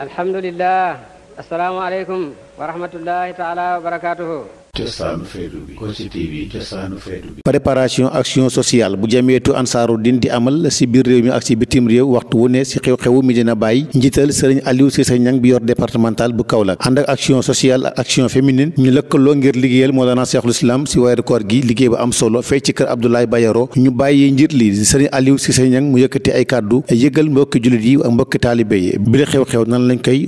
الحمد لله السلام عليكم ورحمة الله تعالى وبركاته cosaanu feetu bi Kossy TV cosaanu bi préparation action sociale bu jameetu ansaaru din di amal si biir réew mi ak si bitim réew waxtu wu ne si xew-xewu Medina Baye njiital sëriñ Aliou Cissé Niang bi yor départemental bu Kaolack ànd ak action sociale ak action féminine ñu lëkkaloo ngir liggéeyal Mawlana Cheikhul Islam si weeru koor gi liggéey ba am solo fee ci kër Abdoulaye Bayero ñu bàyyi njiit li sëriñ Aliou Cissé Niang mu yëkkati ay kàddu yëgal mbokki jullit yi ak mbokki taalibe yi bi la xew-xew nan lañ koy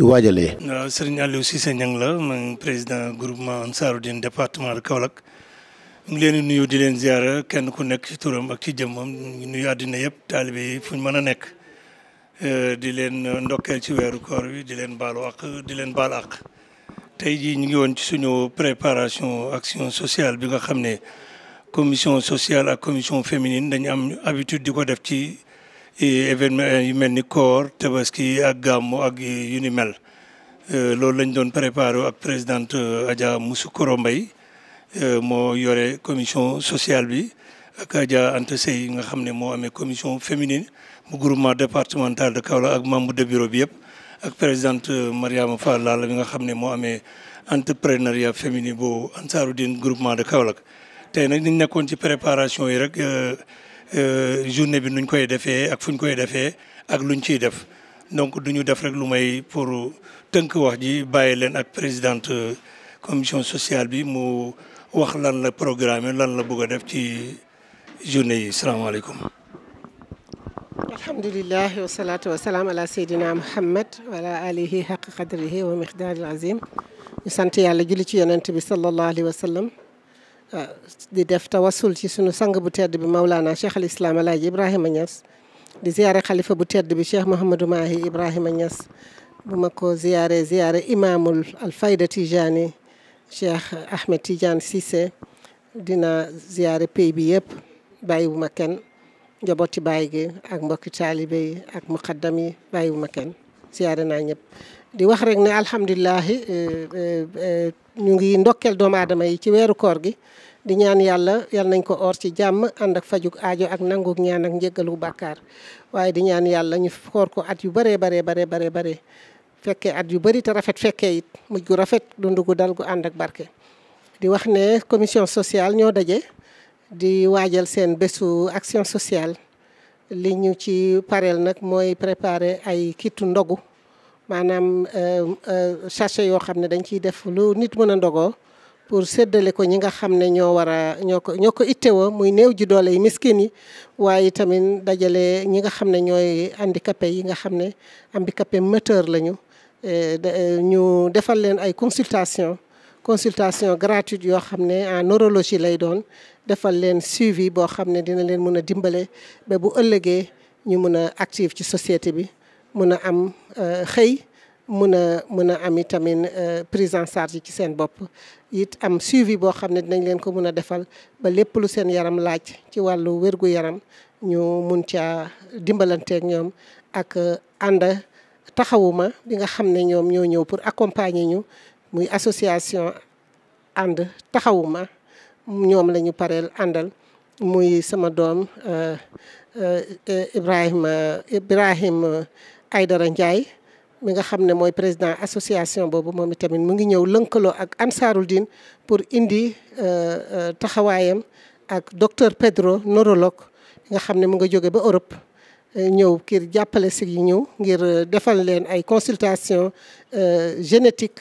département de Kaolack ñu ngi leen di nuyu di leen ziara kenn ku nekk ci turam ak ci jëmmam ñu nuyu àddina yëpp taalibe fu ñu mën a nekk euh, di leen ndokkeel ci weeru koor wi di leen baalu ak di leen baal ak tey jii ñu ngi woon ci suñu préparation action sociale bi nga xam ne commission sociale ak commission féminine dañu am habitude di ko def ci eh, événement yu mel ni koor tabaski ak gàmmu ak yu ni mel Euh, loolu lañ doon préparé ak présidente euh, Adja Moussoukoro Mbaye euh, moo yore commission sociale bi ak Adja Anta Sey nga xam ne moo amee commission féminine bu groupement départemental de Kaolack ak membre de bureau bi yëpp ak présidente Mariama Fall Lalla bi nga xam ne moo amee entrepreneuriat féminin bu Ansaroudine groupement de Kaolack te nag ni nekkoon ci préparation yi rek journée bi nuñ koy defee ak fuñ koy defee ak luñ ciy def donc duñu def rek lu may pour teunk wax ji baye len ak présidente euh, commission sociale bi mu wax lan la programme lan la bëgg def ci journée yi salam alaykum الحمد لله والصلاة والسلام على سيدنا محمد وعلى آله حق قدره ومقدار العظيم نسانت يالا جولي سي يونت بي صلى الله عليه وسلم دي ديف تواصل سي سونو سانغ بو تيد بي مولانا شيخ الاسلام الله ابراهيم نياس di ziare xalifa bu tedd bi cheikh Mouhamadou Mahi Ibrahima Niass bu ma ko ziare ziare imaamul alfayda Tijani cheikh Ahmed Tidiane Cissé dina ziare pays bi yëpp bàyyiwuma kenn njabooti baay gi ak mbokki taalibe ak muqaddam yi bàyyiwuma kenn ziare naa ñëpp. di wax rek ne alhamdulilah euh, euh, euh, ñu ngi ndokkel doom aadama yi ci weeru koor gi. di ñaan yalla yalla nañ ko or ci jamm and ak fajuk aajo ak nanguk ñaan ak jéggalu bakkar waye di ñaan yalla ñu xor ko at yu bare bare bare bare bare fekke at yu bari ta rafet fekke it muj gu rafet dund gu dal ak barke di wax ne commission sociale ño dajé di wajel sen besu action sociale li ñu ci parel nak moy préparer ay kitu ndogu euh, euh sachet yo xam dañ ciy def lu nit mëna ndogo pour séddale ko ñi nga xam ne ñoo war a ñoo ko ñoo ko ittewoo muy néew ji doole yi miskin yi waaye tamit dajale ñi nga xam ne ñooy handicapé yi nga xam ne handicapé moteur lañu e, e, ñu defal leen ay consultation consultation gratuite yoo xam ne en neurologie lay doon defal leen suivi boo xam ne dina leen mën a dimbale ba bu ëllëgee ñu mën a active ci société bi mën a am e, xëy mun a mën a am itamit prise en charge ci seen bopp it am suivi boo xam ne dinañ leen ko mun a defal ba lépp lu seen yaram laaj ci wàllu wérgu yaram ñu mun caa dimbalanteeg ñoom ak uh, ànd taxawuma bi nga xam ne ñoom ñoo ñëw pour accompagner ñu muy association ànd taxawuma ñoom la ñu pareel àndal muy sama doom uh, uh, Ibrahima Ibrahim Aydara Ndiaye mi nga xam ne mooy président association boobu moom itamit mu ngi ñëw lënkaloo ak am Ansaarul Din pour indi euh, euh, taxawaayam ak docteur Pedro neurologue nga xam ne mu nga jóge ba Europe euh, ñëw ngir jàppale si ñëw ngir defal leen ay consultation génétique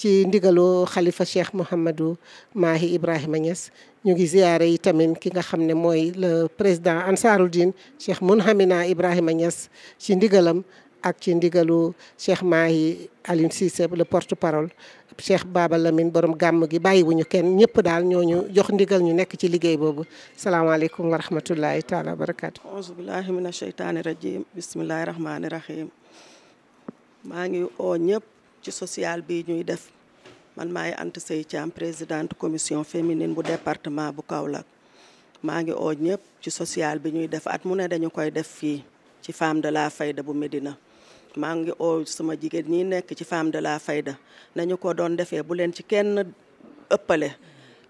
ci ndigalu khalifa cheikh Muhammadu mahi ibrahima Niass ñu ngi ziaré yi tamit ki nga xamné moy le président ansaruddin cheikh munhamina ibrahima Niass ci ndigalam ak ci ndigalu cheikh mahi aline cisse le porte parole cheikh baba lamine borom gam gi bàyyiwuñu kenn ñepp Dal ñoñu jox ndigal ñu nekk ci liggéey boobu alaykum wa rahmatullahi taala wa a'udhu billahi minash shaitani rajim bismillahir rahmanir rahim ma ngi o ñepp ci sociale bi ñuy def man maay Anta Seye Thiam présidente commission féminine bu département bu Kaolack maa ngi oo ñëpp ci sociale bi ñuy def at mu ne dañu koy def fii ci femme de la fayda bu Médina maa ngi oo sama jigéen ñi nekk ci femme de la fayda nañu ko doon defee bu leen ci kenn ëppale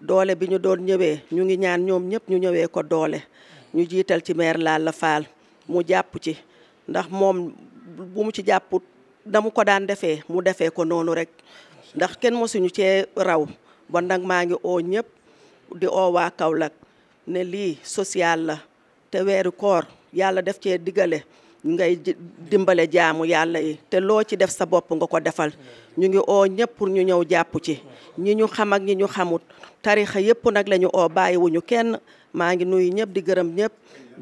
doole bi ñu doon ñëwee ñu ngi ñaan ñoom ñëpp ñu ñëwee ko doole ñu jiital ci maire Lalla Fall mu jàpp ci ndax moom bu mu ci jàpput damu ko daan defee mu defee ko noonu rek ndax kenn mosuñu cee raw bon nag maa ngi oo ñëpp di oo waa Kaolack ne lii social la te weeru koor yàlla def cee digale ngay dimbale jaamu yàlla yi te loo ci def sa bopp nga ko defal ñu ngi oo ñëpp pour ñu ñëw jàpp ci ñi ñu xam ak ñi ñu xamut tarixa yëpp nag la ñu oo bàyyiwuñu kenn maa ngi nuyu ñëpp di gërëm ñëpp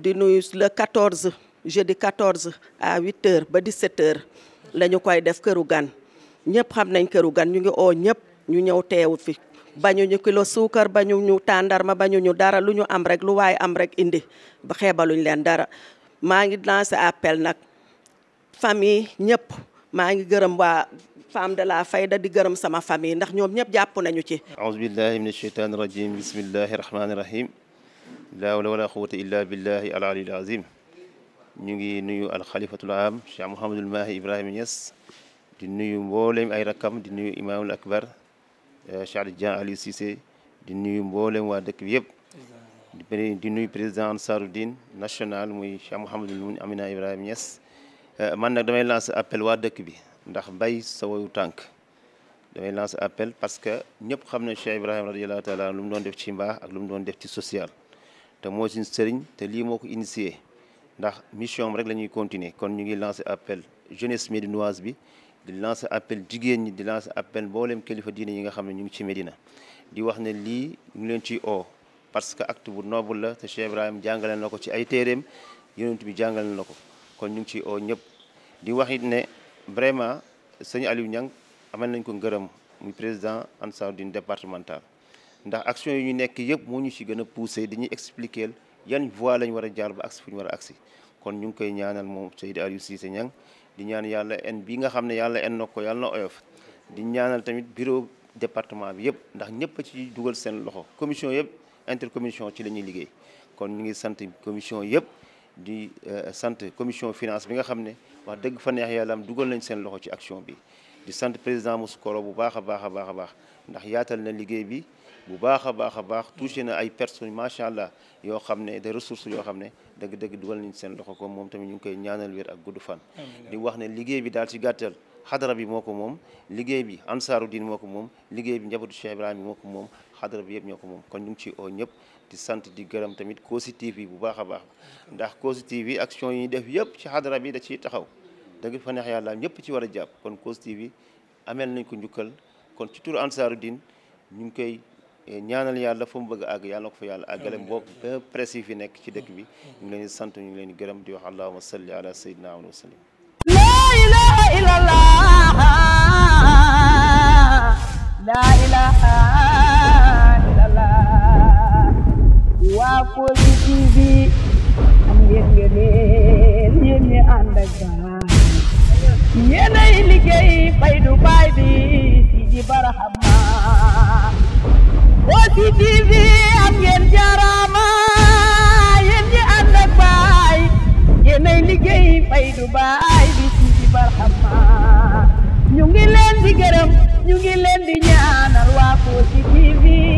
di nuyu le 14 jeudi 14 à 8 heures ba di heures lañu koy def këru gan ñëpp xam nañ këru gan ñu ngi o ñëpp ñu ñëw teewu fi bañu ñu kilo suukar bañu ñu tàndarma bañu ñu dara lu ñu am rek lu waaye am rek indi ba leen dara maa ngi lancé appel nag famille ñëpp maa ngi gërëm waa femme de la fayda di gërëm sama famille ndax ñoom ñëpp jàpp nañu ci aouzu billahi min asheytaani rajim bismillahi rahmaani rahim la hawla wala quwata illa billahi al aliyil azim نيجي نيو الخليفة العام شيخ محمد الماهي إبراهيم يس دي نيو مولم أي رقم دي نيو إمام الأكبر شعر جان علي سيسي دي نيو مولم وادك بيب دي نيو بريزان سار الدين ناشونال موي شيخ محمد المون أمينة إبراهيم يس من نقدر نقول لانس أبل وادك بي ndax bay sawoyu tank damay lance appel parce que ñep xamna cheikh ibrahim radiyallahu ta'ala lu mu doon def ci mbax ak lu mu doon def ci social te mo ci serigne te li moko initier ndax mission rek la ñuy continuer kon ñu ngi lancer appel jeunesse médinoise bi di lancer appel jigéen ñi di lancer appel booleem kilifa diine yi nga xam ne ñu ngi ci Médina di wax ne lii ñu leen ci o parce que acte bu noble la te Cheikh Ibrahim jàngale na ko ci ay téeréem yonent bi jàngale la ko kon ñu ngi ciy oo ñëpp di wax it ne vraiment sëñ Aliou Niang amal nañ ko ngërëm muy président Ansaroudine départemental ndax action yu ñu nekk yëpp moo ñu ci gën a poussé di ñuy expliquer yan voie lañ war a jaar ba agsi fu ñu war a kon ñu ngi koy ñaanal moom Seydou Aliou Cissé Niang di ñaan yàlla en bi nga xam ne yàlla en na ko yàlla na oyof di ñaanal tamit bureau département bi yëpp ndax ñëpp a ci dugal seen loxo commission yëpp intercommission ci la ñuy liggéey kon ñu ngi sant commission yëpp di euh, sant commission finance bi nga xam ne wax dëgg fa neex yàlla am dugal nañ seen loxo ci action bi di sant président Moussa Koro bu baax a baax a baax a baax ndax yaatal na liggéey bi bu baax a baax a baax touché na ay personnes macha allah yoo xam ne de ressources yoo xam ne dëgg-dëgg dugal nañ seen loxo ko moom tamit ñu ngi koy ñaanal wér ak gudd fan di wax ne liggéey bi daal ci gàttal xadara bi moo ko moom liggéey bi ansaaru diin moo ko moom xadara bi yëpp ñoo ko moom kon ñu ngi ci oo ñëpp di sant di gërëm tamit Kossy TV bu baax a baax ndax Kossy TV action yi ñuy yëpp ci xadara bi da ciy taxaw dëgg fa yàlla ñëpp ci war a jàpp kon Kossy TV ameel nañ ko njukkal kon ci tur ñaanal yàlla fa mu bëgg àgg yàlla na ko fa yàlla àggale boo ba fi nekk ci dëkk bi ñu leen sant ñu ngi leen di gërëm di wax allahuma salli ala sayyidina wa sallim la ilaha illallah la ilaha illallah Wakoly TV am ngeen ngeen yéen ñi ànd ak yéenay liggéey faydu baay bi ci ji barahama Kossy TV am ngeen jaaraama yéen ñi ànd baay yéenay liggéey fay du baay bi ci barxama ñu ngi gërëm ñu ngi leen di ñaanal waa